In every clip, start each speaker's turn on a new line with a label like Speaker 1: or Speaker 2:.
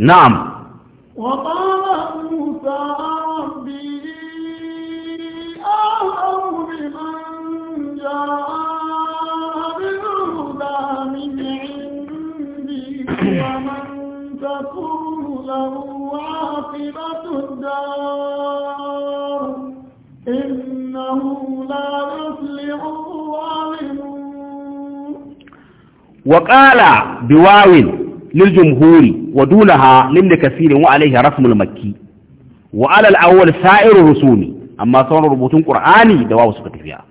Speaker 1: نعم
Speaker 2: وقال موسى ربي أعلم بمن جاء بالهدى من عندي ومن تكون له عاقبة الدار إنه لا يفلح الظالمون
Speaker 3: وقال
Speaker 1: بواو للجمهور ودونها لابن كثير وعليه رسم المكي وعلى الأول سائر الرسوم أما صور ربوتون قرآني دواو سكت فيها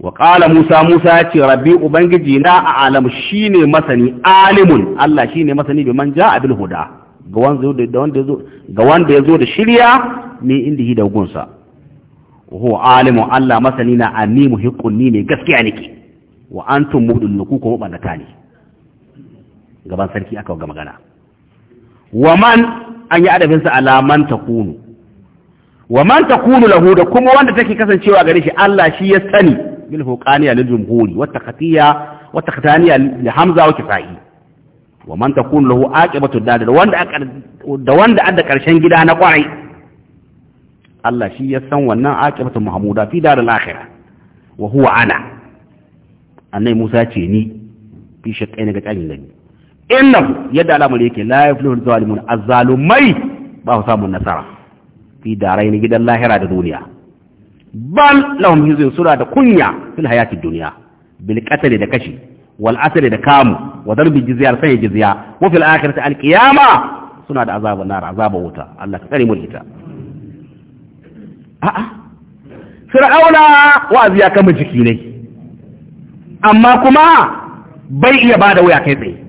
Speaker 1: وقال موسى موسى ربي أبنجي لا أعلم شيني مثني عالم الله شيني مثني بمن جاء بالهدى ga wanda ya zo da shirya ne inda hi da hukunsa wa alimu Allah masani na annimu hiqqun ni ne gaskiya nake wa antum mudulluku kuma banata ne gaban sarki aka ga magana wa man an yi adabinsa ala man takunu wa man takunu lahu da kuma wanda take kasancewa gare shi Allah shi ya sani bil huqaniya lil jumhuri wa taqtiya wa taqtaniya li hamza wa kifai wa man takunu lahu aqibatu dad da wanda da wanda adda karshen gida na kwarai Allah shi ya san wannan aqibatu mahmuda fi daril akhirah wa huwa ana annai Musa ce ni fi shakkai ne ga tsarin gani innahu yadda al'amari yake la yaflihu zalimun azzalumai ba su samun nasara fi darai ni gidan lahira da duniya bal lahum hizun sura da kunya fil hayati duniya. bil qatl da kashi wal asr da kamu wa darbi jizya sai jizya wa fil akhirati al qiyama suna da azabun nar azabun wuta Allah ka tsare mu ita a'a fir'auna wa'azi ya kama jiki ne amma kuma bai iya bada waya kai tsaye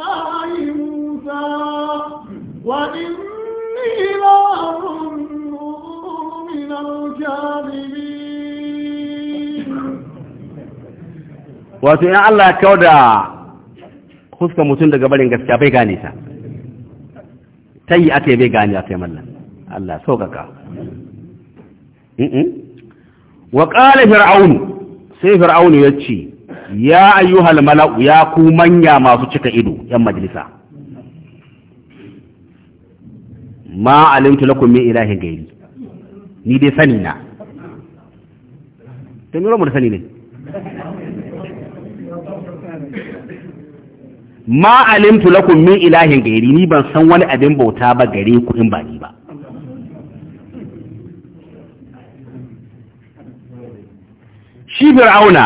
Speaker 2: وإني لأظنه من الكاذبين
Speaker 1: wato in Allah ya kawo da huskar mutum daga barin gaskiya bai gane ta ta yi ake bai gane a taimallan Allah sau sauƙaƙa wa ƙala fir'aunu sai fir'aunu ya ce ya ayyuhal mala'u ya ku manya masu cika ido yan majalisa ma alimtu lakum min ilahin gairi ni dai sani na to me mu da sani ne ma alimtu lakum min ilahin gairi ni ban san wani abin bauta ba gare ku in ba ni ba shi fir'auna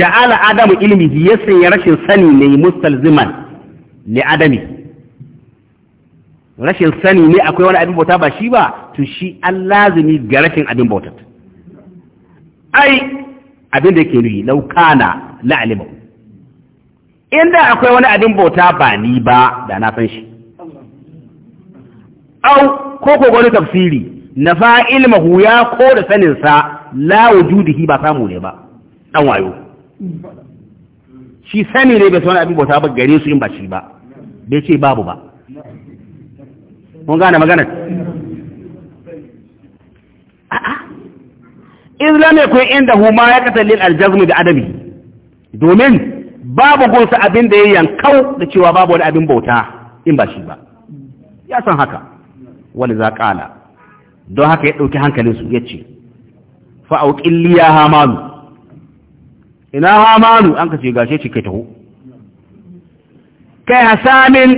Speaker 1: ja'ala adamu ilmihi yasin ya rashin sani ne mustalziman li adami rashin sani ne akwai wani abin bauta ba shi ba to shi an lazimi ga rashin abin bauta ai abin da yake nuhi laukana la'alima inda akwai wani abin bauta ba ni ba da na san shi
Speaker 2: au ko
Speaker 1: ko wani tafsiri na fa'ilmahu ya ko da saninsa la wujudihi ba samu ne ba dan wayo shi sani ne bai san abin bauta ba gare su in ba shi ba bai ce babu ba mun gane magana in ne yakun inda Huma ya katal lil da adabi domin babu gunsa abin da ya yankau da cewa babu wani abin bauta in ba shi ba ya san haka wani za ƙala don haka ya ɗauki hankalinsu ya ce fa'auƙin ya hamanu ina hamanu an kashe gashe ce kai taho kai hasamin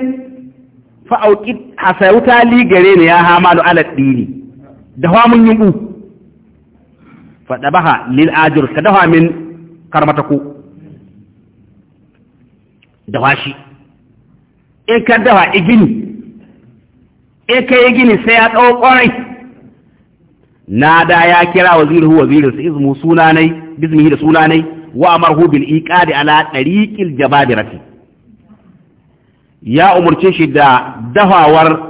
Speaker 1: fa'auƙin hasa wuta ligare ne ya malu ala dini da wa mun yumbu fadabaha lil ajur ka dawa min Da wa shi in ka dawa igini in ka igini gini sai ya tsawo kwarai na da ya kira waziruhu wazirinsa izmu sunanai bizmihi da sunanai wa amarhu bil iqadi ala tariqil jabadirati ya umarce shi da dafawar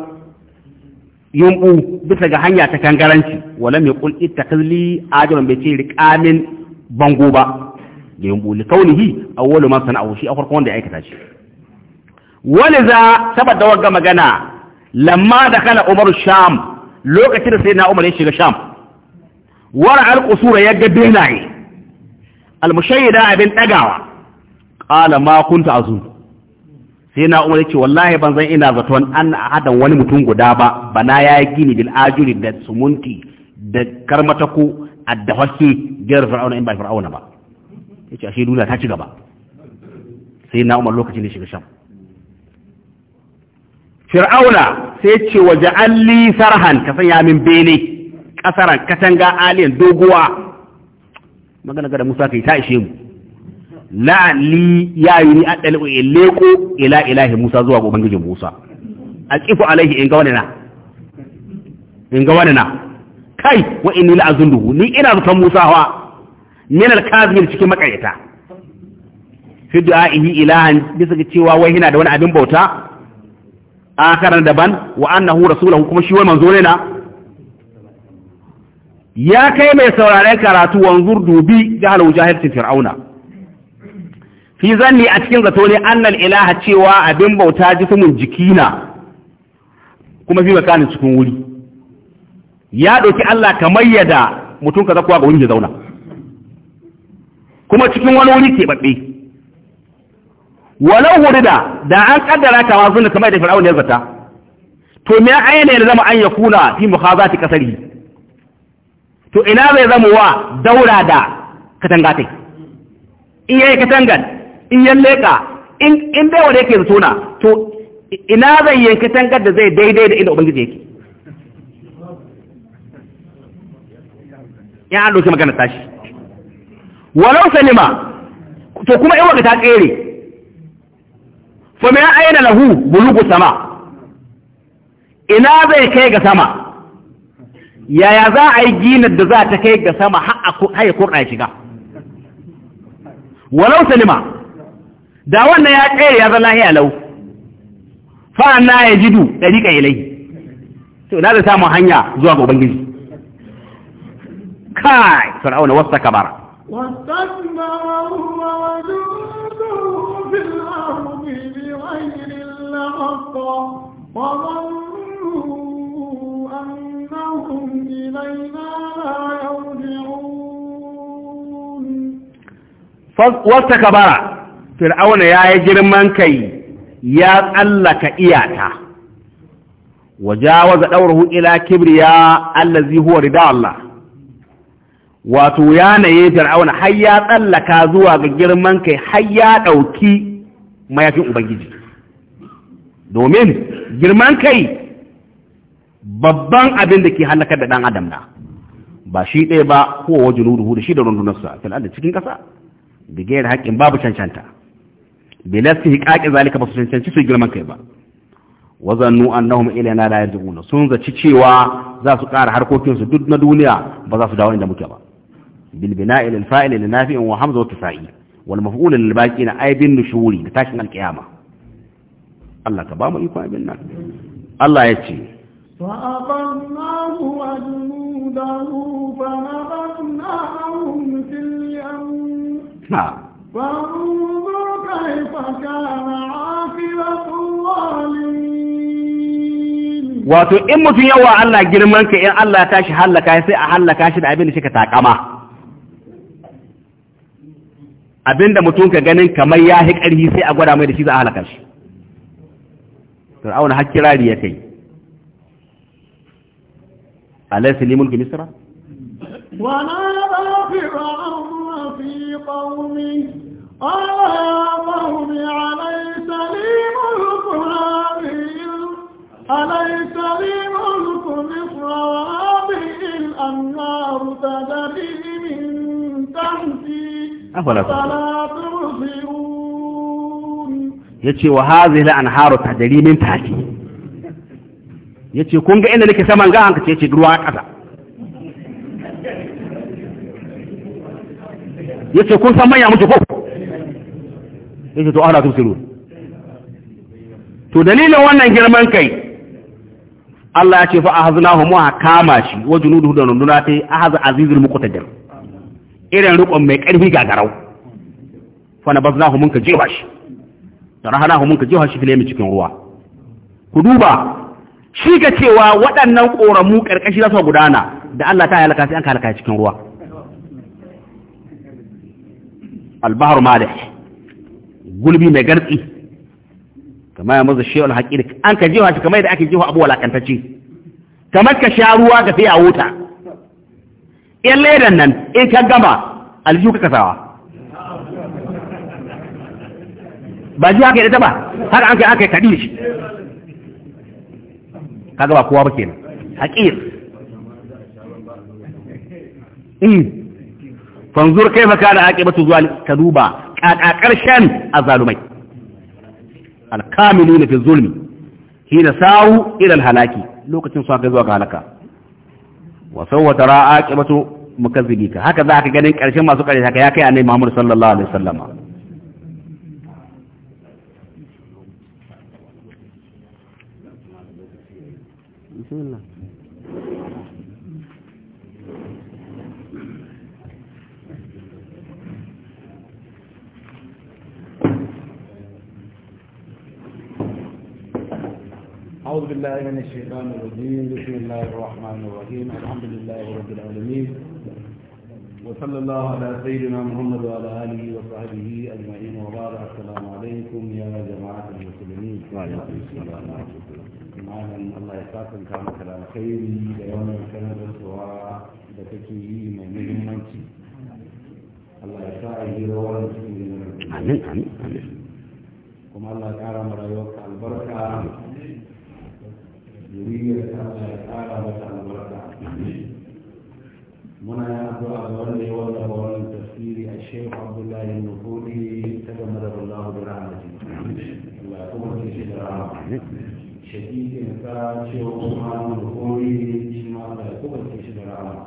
Speaker 1: yumbu bisa ga hanya ta kangaranci wala mai kul ittakazli ajaban bai ce riqamin bango ba da yumbu li kaunihi awwalu ma sana'u shi a farko wanda ya aikata shi Wani waliza saboda wagga magana lamma da dakala umar sham lokacin da sai na umar ya shiga sham wara al-qusura ya ga benaye al-mushayyida abin dagawa qala ma kunta azun sai na umar ce wallahi ban zan ina zaton an adan wani mutum guda ba bana ya yi gini bil ajuri da sumunti da karmatako a da haske fir'auna in ba fir'auna ba yace ashe duniya ta ci gaba sai na umar lokacin da shiga sham fir'auna sai ce wa ja'alli sarhan ka sanya min bene kasaran katanga aliyan doguwa magana ga da musa kai ta ishe mu la'alli ya yi ni adal in leko ila ilahi Musa zuwa ga ubangijin Musa aqifu alaihi in ga wani na in ga wani na kai wa inni la'azunduhu ni ina zaton Musa wa min al-kazmin cikin makayata fi du'a'ihi ilahan bisa ga cewa wai yana da wani abin bauta akaran daban wa annahu rasulahu kuma shi wai manzo ne na ya kai mai sauraren karatu wanzur dubi al wujahil fir'auna fi zanni a cikin zato ne annal ilaha cewa abin bauta jiki jikina kuma fi bakanin cikin wuri ya ɗauki Allah kamar da mutum ka zakuwa ga wurin ya zauna kuma cikin wani wuri ke babbe walau wuri da an kaddara ma sun kamar da fir'aun ya zata to me ayyana ne zama an ya kuna fi mukhazati kasari to ina zai zama wa daura da katangatai in yayi katangan in yan leka in bai wanda yake zato na to ina zai yanki tangar da zai daidai da inda ubangiji yake ya an doki magana tashi walau salima to kuma in waka ta ƙere. fa mai aina lahu bulugu sama ina zai kai ga sama yaya za a yi ginar da za ta kai ga sama har ya kurɗa shiga walau salima da wannan ya tsere ya zana lahiya lau fa'an na ya jidu riƙa ilai to na da samun hanya zuwa ga ubangiji kai fir'auna wasta Wasu wasta kabara fir'auna ya yi girman kai ya tsallaka iyata wajawaza ɗaurahu ila kibriya allazi huwa rida Allah wato ya naye fir'auna har ya tsallaka zuwa ga girman kai har ya ɗauki mayafin ubangiji domin girman kai babban abin da ke halakar da ɗan adam na ba shi ɗaya ba kowa wajen ruhu da shi da rundunarsa fil'ad da cikin ƙasa da gayar haƙƙin babu cancanta bila su hiƙaƙi zalika ba su cancanci su girman kai ba wazannu annahum ilaina la yarji'un sun zaci cewa za su ƙara harkokin su duk na duniya ba za su dawo inda muke ba bil bina'i lil fa'il lil nafi'in wa hamza wa tisa'i wal maf'ul lil na aibin da tashin Allah ka ba mu iko nan Allah ya ce
Speaker 2: وجنوده فنبذناهم في نعم فكيف كان عاقبة الظالمين
Speaker 1: wato in mutum yau yawa Allah girman ka in Allah ya tashi halaka sai a halaka shi da abin da shi ka takama abinda mutum ka ganin kamar ya hi ƙarfi sai a gwada mai da shi za a halaka shi fir'auna har kirari ya kai alaysa li mulku misra
Speaker 2: wa nada fir'auna fi qaumihi آمهم أليس لي ملك هذه أليس لي ملك مصر الأنهار تجري من تحتي أفلا تبصرون
Speaker 1: يتي وهذه الأنهار تجري من تحتي yace kun ga inda nake saman ga hanka ce ce ruwa kasa yace kun san manya mutu ko yake to ana tufsiru to dalilin wannan girman kai Allah ya ce fa ahaznahu mu kama shi wa junuduhu da runduna ta ahaz azizul muqtadir irin rukun mai karfi gagarau fa nabaznahu mun ka jefa shi da rahanahu mun ka jefa shi mai cikin ruwa ku duba shi ka cewa waɗannan ƙoramu ƙarƙashi za su gudana da Allah ta halaka sai an halaka cikin ruwa al-bahr malih gulbi mai gartsi kamar ya mazu shewa da an ka jewa shi kamar da ake jewa abu walakantacce kamar ka sha ruwa ka sai a wuta in ledan nan in ka gama aljihu ka kasawa ba ji haka ita ba har an kai an kai kaɗi shi ka gaba kowa ba kenan haƙir hmm. fanzur kai fa kana aqibatu zuwa ka duba kaka karshen azalumai na fi zulmi da sawu ila halaki lokacin su kai zuwa ga halaka wa sawwa tara aqibatu ka haka za ka ganin ƙarshen masu kare haka ya kai annabi Muhammad sallallahu alaihi wa
Speaker 2: بسم
Speaker 4: بالله من الشيطان الرجيم بسم الله الرحمن الرحيم الحمد لله رب العالمين وصلى الله على سيدنا محمد وعلى آله وصحبه أجمعين وبارك السلام عليكم يا جماعة المسلمين وعليكم السلام ورحمة الله معنا الله يسعدكم كما كلام خير اليوم كان الدعاء دتكي من مهمتي الله يسعدك ورحمة الله آمين آمين آمين كما الله يكرم رأيك البركة zuriyar Allah ya ƙara mata albarka muna yin addu'a ga wanda ya wanda ba wannan tafsiri a shehu abdullahi nufuri ta game da wallahu bi rahmati Allah ya kuma ce shi da rahama shakikin sa shehu usman nufuri shi ma Allah ya kuma ce shi da rahama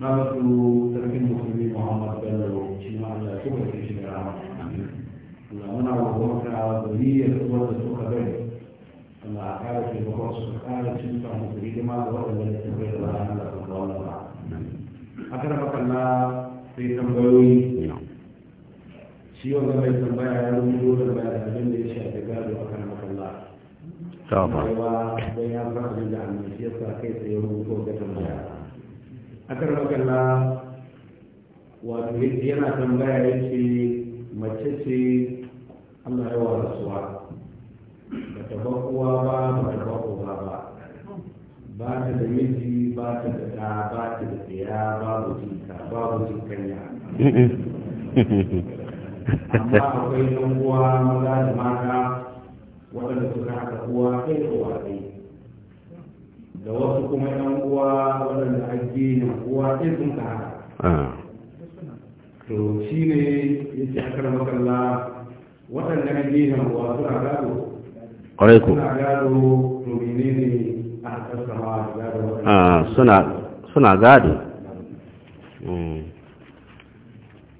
Speaker 4: na wasu sarkin musulmi muhammad bello shi ma Allah ya kuma ce shi da rahama Allah muna roƙonka zuriyar wanda suka bari Allah a kara hidima da waɗanda da da ba. A sai tambayoyi. Shi wanda mai tambaya ya rubuto da bayan abin da ya shafi da a kan makalla. Tafa. Kaiwa don ya san abin da annabi shi yasa kai tsaye rubuto da tambaya. A kara na wato yana tambaya ya ce mace ce Allah ya wa rasuwa. ta ba kowa ba ba ta ba kowa ba ba ta da miji ba ta da ta ba ta da tsaya ba jinka babu jinkanya amma akwai yan uwa maza da mata waɗanda suka haka uwa kai da uwa kai da wasu kuma yan uwa waɗanda ake uwa kai sun ka haka ah. to shi ne ya ce a karamar kalla waɗanda na gehen uwa suna gado kwarai ah,
Speaker 1: suna gado hmm.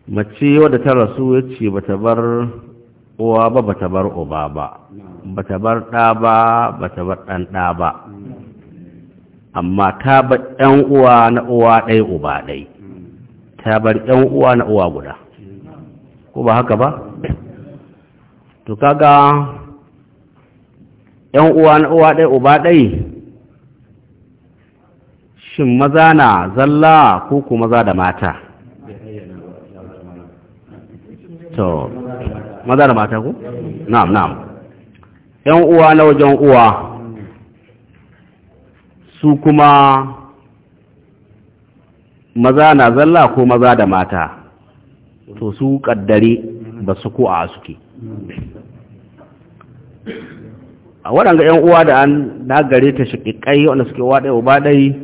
Speaker 1: mace wadda ta rasu ya ce ba ta bar uwa ba ba ta bar uba ba ba ta bar ɗa ba ba ta bar ɗan ɗa ba amma ta bar ɗan uwa na uwa ɗai uba ɗai ta bar ɗan uwa na uwa guda ko ba haka ba to kaga ‘yan uwa na uwa ɗai uba ɗai shin maza na zalla ko ku maza da mata to maza da mata ku? na'am na'am ‘yan uwa na wajen uwa su kuma maza na zalla ko maza da mata to su kaddare ba su ko a suke a waɗanda 'yan uwa da an dagare ta shiƙiƙai waɗanda suke waɗai uba baɗai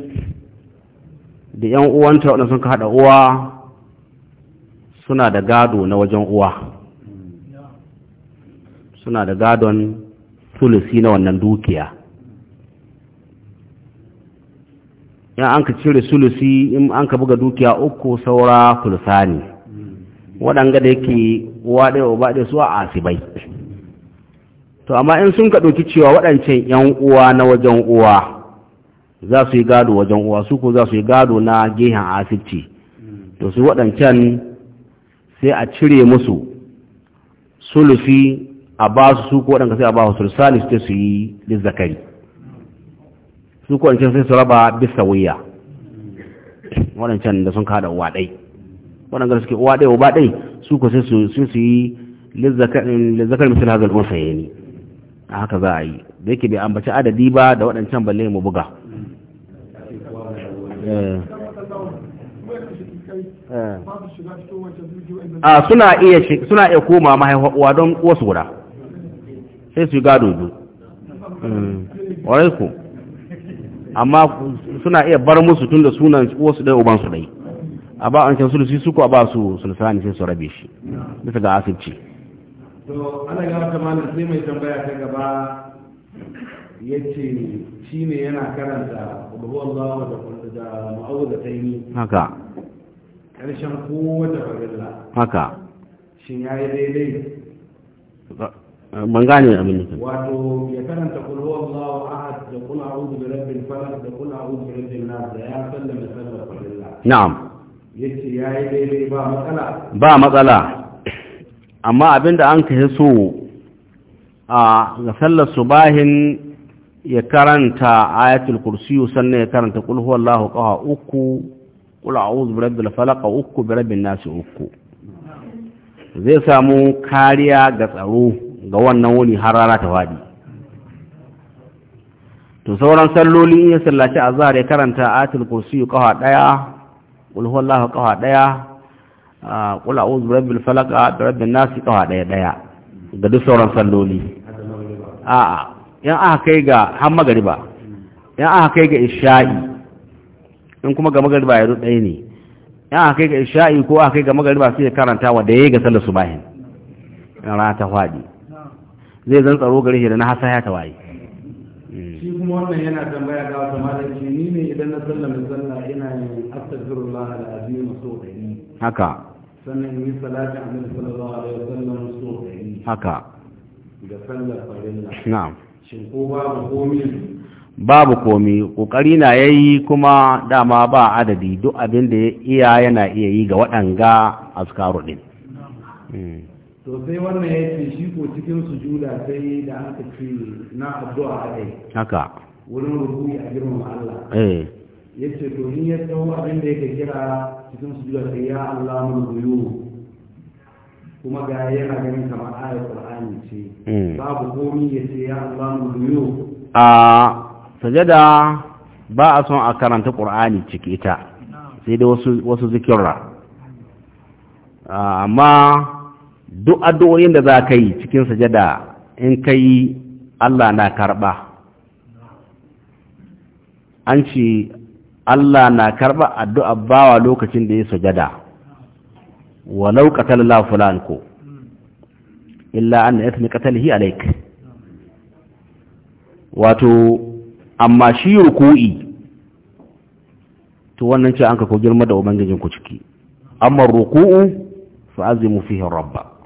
Speaker 1: da 'yan uwanta waɗanda sun ka haɗa uwa suna da gado na wajen uwa suna da gadon tulisi na wannan dukiya yan an ka cire sulusi in an ka buga dukiya uku saura ne waɗanda da yake uwa ɗaya uba ɗaya su a asibai to amma in sun ka ɗauki cewa waɗancan ‘yan uwa na wajen uwa za su yi gado wajen uwa su ko za su yi gado na gehen asibiti to su waɗancan sai a cire musu sulufi a ba su su ko waɗanka sai a ba su sulusali su su yi lizzakari su ko waɗancan sai su raba bisa wuya waɗancan da sun kada uwa ɗai waɗanda suke uwa ɗai uba ɗai su ko sai su yi lizzakari misali hazar unsa ne a haka za a yi da yake bai ambaci adadi ba da waɗancan balle mu buga
Speaker 4: eh. eh.
Speaker 1: a ah, suna iya suna iya koma mahaifuwa don wasu guda sai su yi gado biyu ƙwarai hmm. ku amma suna iya bar musu tun da sunan wasu ɗaya ubansu ɗai a ba an su sulusi suku a ba su sulusani sai su rabe shi bisa ga asibci
Speaker 4: to ana ga wata malam sai mai tambaya ta gaba ya ce shi ne yana karanta Allah da ma'auda ta yi haka ƙarshen kowa da farilla haka shi ya yi daidai
Speaker 1: ban gane abin nufin
Speaker 4: wato ya karanta kul huwallahu ahad da kul a'udhu da rabin fara da kul a'udhu da rabin nas da ya sallama sallar farilla na'am ya yayi daidai ba matsala
Speaker 1: ba matsala amma abinda an kashe so a ga sallar subahin ya karanta ayatul kursiyu sannan ya karanta kul huwallahu qaha uku kul a'udhu birabbil falaq uku birabbin nas uku zai samu kariya ga tsaro ga wannan wuni har rana ta wadi to sauran salloli ya sallaci azhar ya karanta ayatul kursiyu qaha daya kul huwallahu qaha daya kula ah, uzu rabbil falaka ah, da rabbin nasi kawa daya daya ga duk sauran salloli a'a ah, yan aka kai ga har magariba yan aka kai ga isha'i in kuma ga magariba ya ɗaya ne yan aka kai ga isha'i ko aka kai ga magariba sai ya karanta wa da ya ga sallar subahin yan rana ta faɗi zai zan tsaro gare shi da na hasa ya waye. Hmm.
Speaker 4: shi kuma wannan yana tambaya ga wata malaki ni ne idan na sallama sallah ina yin astaghfirullah al-azim so da ni haka sannan yi salatin annabi sallallahu alaihi wasallam so haka ga sallar farilla na'am shin ko babu komi
Speaker 1: babu komi kokari na yayi kuma dama ba adadi duk abin da iya yana iya yi ga waɗanga askaru din hmm.
Speaker 4: to sai wannan ya ce shi ko cikin sujuda sai da aka ce na addu'a kadai haka wurin rubuyi a girman Allah eh ya ce to ni ya tsawo abin da yake kira cikin su da ya Allah mun buyu kuma ga yana ganin kamar ayar Qur'ani ce hmm. babu komi ya ce ya Allah mun buyu
Speaker 1: a sajada ba a son a karanta Qur'ani ciki ita sai da wasu wasu zikirra amma duk addu'o'in da za ka yi cikin sajada in ka yi Allah na karba an ce Allah na karba addu'a bawa lokacin da ya sujada wa laukatar lafulan ko illa an yathmi qatalihi alayk wato amma shi ruku'i to wannan ce an ka ko girma da ubangijin ku ciki amma ruku'u fa azimu fihin rabba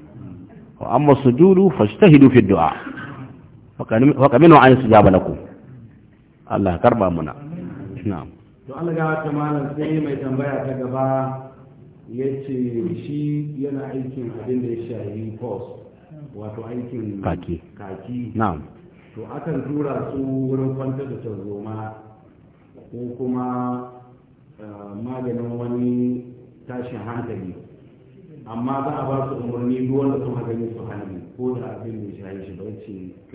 Speaker 1: wa amma ta hidu fi du'a wa kaminu an na ku. Allah karɓa muna na'am
Speaker 4: to an ga ta malam sai mai tambaya ta gaba ya shi yana aikin abin da ya shahi post wato aikin kaki kaki na'am to akan tura su wurin kwantar da tarzoma ko kuma eh, maganin wani tashin hankali amma za a ba su umarni duk wanda sun haka su hannu ko da abin da shahi shi bai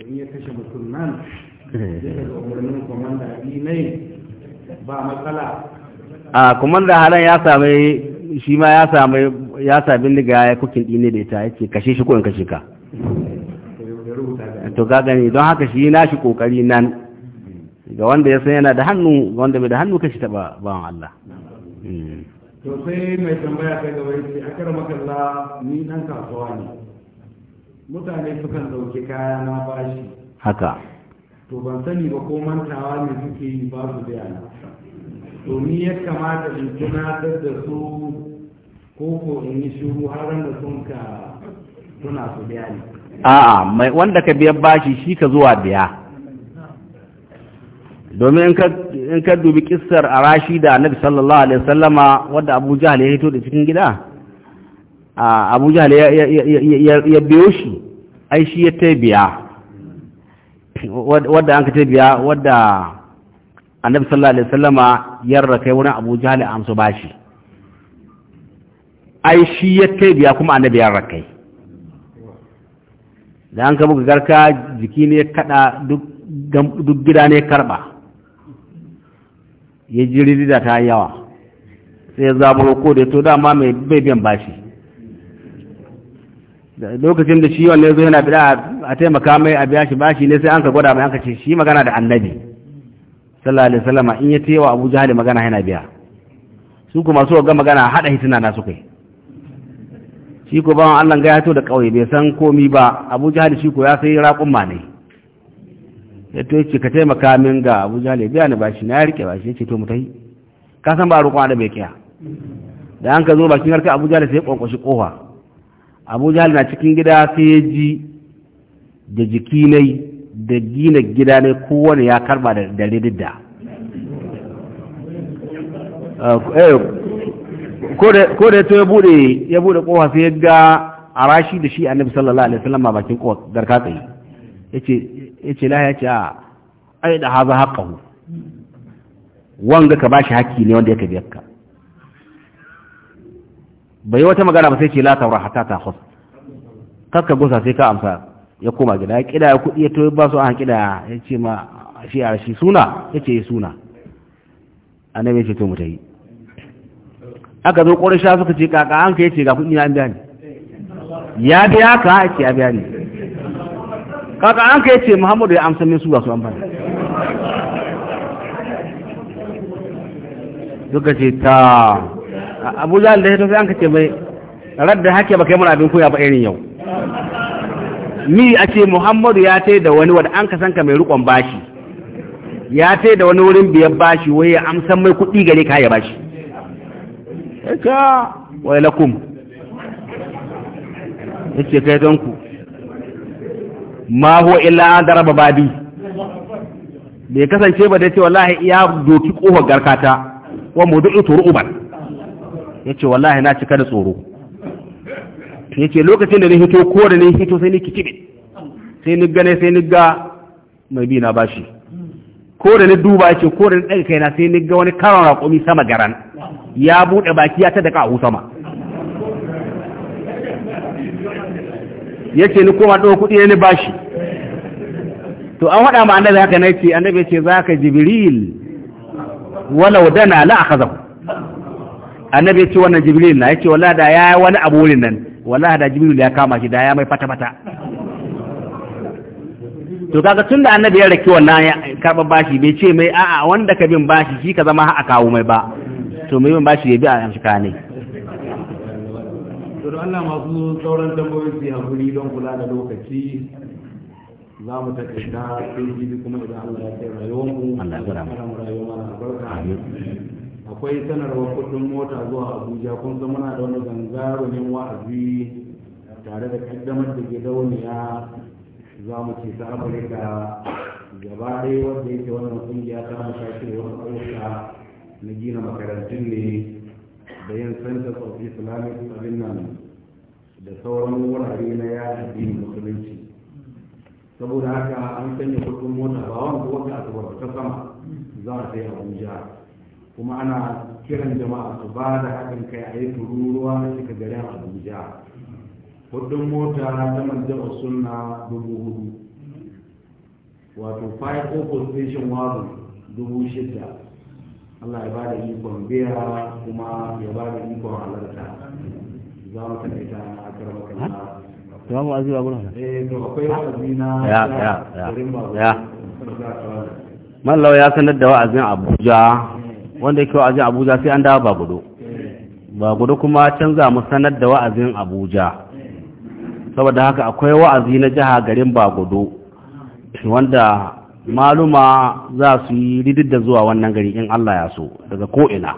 Speaker 4: to in ya kashe mutum nan zai ga umarnin kwamanda ne
Speaker 1: a kuma da halin ya sami shi ma ya sami ya sabin diga ya kukin dine da ita yake kashe shi ko in kashe ka to ga gani don haka shi na shi kokari nan ga wanda ya san yana da hannu wanda bai da hannu kashi taba bawan Allah hmm.
Speaker 4: to sai mai tambaya kai ga gaba yace akar makalla ni dan kasuwa ne mutane sukan dauki kaya na bashi haka to ban sani ba ko mantawa ne suke yi ba su da to ni ya kamata in tunatar da su ko ko in yi shiru har da sun ka tuna su biya ne a'a
Speaker 1: mai wanda ka biyan bashi shi ka zuwa biya domin in ka dubi kissar a rashi da annabi sallallahu alaihi wasallama wadda abu jahal ya hito da cikin gida abu jahal ya biyo shi ai shi ya ta biya wadda an kace biya wadda annabi sallallahu alaihi wasallama yarra kai wurin Abu jahali amsu bashi ai shi ya kai biya kuma annabi yarra kai da an ka buga garka jiki ne kada duk duk gida ne karba ya jiri da ta yawa sai zabo ko da to dama mai bai biyan bashi lokacin da shi wannan zo yana bid'a a taimaka mai a biya shi bashi ne sai an ka gwada mai an ka ce shi magana da annabi sallallahu alaihi wasallam in ya tewa Abu Jahal magana yana biya su kuma su ga magana hada hituna na suka yi shi ko bawan Allah ga ya to da kauye bai san komi ba Abu Jahal shi ko ya sai raƙun ma ne ya to yace ka taimaka min ga Abu Jahal biya ni bashi na rike bashi yace to mutai. ka san ba roƙon da bai kiya da an ka zo bakin harka Abu Jahal sai ya kokoshi kofa Abu Jahal na cikin gida sai ya ji da jiki ne da gina gida ne kowane ya karba da rididda ah, eh, ko da ya bude ya bude kofa sai ya ga Arashi da shi annabi sallallahu alaihi wasallam bakin kofa garka tsaye yace yace la yace a ah, ai da haza haqqahu wanga ka bashi hakki ne wanda yake biyarka bai wata magana ba sai ce la tawra hatta ta khus kaka gusa sai ka amsa ya koma gida ya kida ya kudi ya to ba su an kida ya ce ma shi a shi suna ya ce suna annabi ya ce to mu ta yi aka zo sha suka ce kaka an ka ya ce ga kudi na an biya ne
Speaker 4: ya biya ka ya ce ya biya ne kaka an ka ya ce muhammadu ya amsa min su ba su amfani
Speaker 1: suka ce ta abuja da ya tafi an ka ce mai radda hake ba kai mana abin koya ba irin yau mi a ce muhammadu ya ta da wani wadda an ka mai rikon bashi ya ta da wani wurin biyan bashi wai ya amsan mai kuɗi gare ka ya bashi Eka ah, wai lakum ce kai don ku ma ho illa an daraba babi bai kasance ba da ce wallahi ya doki kofar garkata wa mudu'u ya ce wallahi na cika da tsoro ce lokacin da ni hito ko da ni hito sai ni kikibe sai ni gane sai ni ga mai bi na bashi ko da ni duba ce, ko da ni daga kaina sai ni ga wani karon raƙumi sama garan ya bude baki ya ta daka a sama yace ni koma ɗau kuɗi ni bashi to an faɗa ma annabi haka na ce annabi ce za ka jibril walau dana la akhadahu annabi ce wannan jibril na yace wallahi da yayi wani abu wurin nan wallahi da jibril ya kama shi da ya mai fata fata to kaga tunda annabi ya raki wannan ya karba bashi bai ce mai a a wanda ka bin bashi shi ka zama a kawo mai ba to mai bin bashi ya bi a ka ne
Speaker 4: to don Allah masu sauran tambayoyi su ya guri don kula da lokaci za mu taƙaita sai jibi kuma idan Allah ya kai rayuwar mu Allah ya kara mu rayuwar mu albarka amin akwai sanarwar kudin mota zuwa abuja kun san muna da wani gangarumin wa'azi tare da kaddamar da gidauniya za mu ce ta afirka gaba ɗaya wanda yake wannan kungiya ta mu shafi da na gina makarantun ne da yin center of islamic abin nan da sauran wurare na yada addinin musulunci saboda haka an sanya kudin mota ba wanda wata ta sama za a sai abuja kuma ana kiran jama'a su ba da haɗin kai a yi tururuwa a cika a abuja kudin mota ta majalisar suna dubu hudu wato fire opal station wazo dubu shida allah ya ba da ikon biya kuma ya ba da ikon halarta za mu tafi taƙaita a karmakalla kuma mu azuwa gurin eh to akwai wa'azi na ya ya ya ya
Speaker 1: mallau ya sanar da wa'azin abuja wanda yake wa'azin abuja sai an dawo ba gudu ba gudu kuma canza mu sanar da wa'azin abuja saboda haka akwai wa'azi na jiha garin ba gudu wanda maluma za su yi ridid da zuwa wannan gari in allah ya so daga ko'ina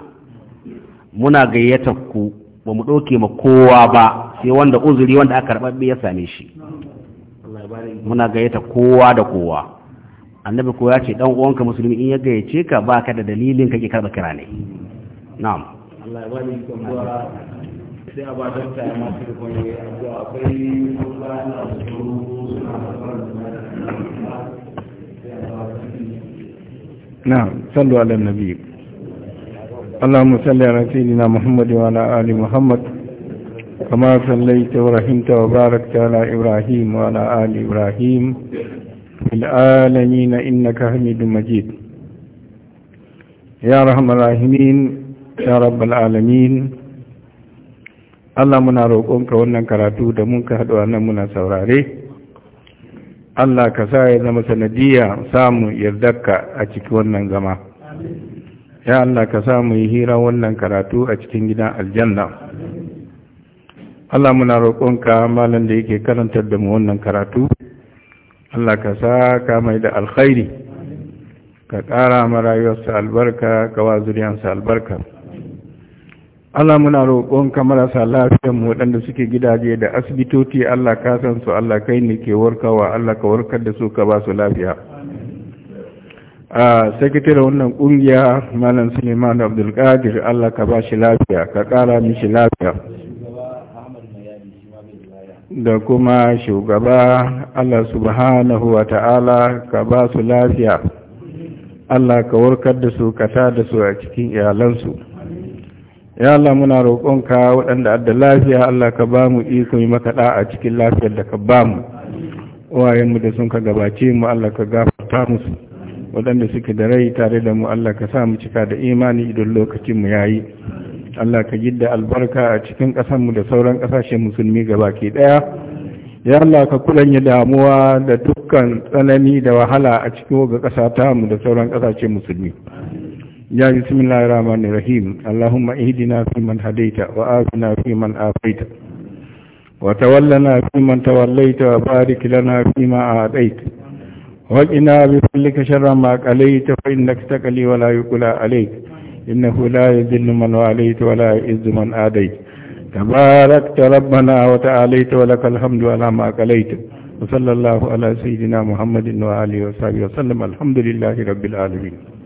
Speaker 1: muna gayyatar ku ba mu ɗauke ma kowa ba sai wanda uzuri wanda aka karɓaɓɓe ya same shi muna gayyata kowa da kowa annabi ko ya ce dan uwanka musulmi in ya gayyace ka ba ka da dalilin kake karba kira ne na'am
Speaker 4: Allah ya bani tambaya sai a ba da dokta ma masu ko ne addu'a akwai kuma na suru suna
Speaker 3: na'am sallu ala nabi اللهم صل على سيدنا محمد وعلى آل محمد كما صليت ورحمت وباركت على إبراهيم وعلى آل إبراهيم العالمين إنك حميد مجيد يا رحم الراحمين يا رب العالمين Allah muna roƙonka wannan karatu da mun ka haɗu nan muna saurare Allah ka sa ya zama sanadiyya samu yardarka a cikin wannan zama ya Allah ka sa mu yi hira wannan karatu a cikin gidan aljanna Allah muna roƙonka malam da yake karantar da mu wannan karatu Allah ka ka mai da alkhairi ka ƙara ma rayuwarsa albarka ka wa albarka Allah muna roƙon ka marasa lafiyar mu waɗanda suke gidaje da asibitoci Allah ka san su Allah kai ne ke warkawa Allah ka warkar da su ka ba su lafiya a sakitare wannan ƙungiya malam Suleiman Abdulkadir Allah ka ba shi lafiya ka ƙara mishi lafiya da kuma shugaba Allah subhanahu wa ta'ala ka ba su lafiya Allah ka warkar da su kata da su a cikin iyalansu ya Allah muna roƙonka waɗanda adda lafiya Allah ka ba mu iko yi maka a cikin lafiyar da ka ba mu wayenmu da sun ka gabace mu Allah ka gafarta musu waɗanda suke da rai tare da mu Allah ka sa mu cika da imani idan lokacinmu ya yi Allah ka gida albarka a cikin ƙasanmu da sauran ƙasashen musulmi baki ɗaya ya Allah ka kulanya damuwa da dukkan tsanani da wahala a cikin waga ƙasa ta mu da sauran ƙasashen musulmi ya bismillahir rahmanir rahim allahumma ihdina fi man hadaita wa afina fi man afaita wa tawallana fi man tawallaita wa barik lana fi ma a'taita وقنا بفضلك شر ما قليت فإنك تقلي ولا يقلى عليك إنه لا يذل من واليت ولا يعز من آديت تباركت ربنا وتعاليت ولك الحمد على ما أكليت وصلى الله على سيدنا محمد وآله وصحبه وسلم الحمد لله رب العالمين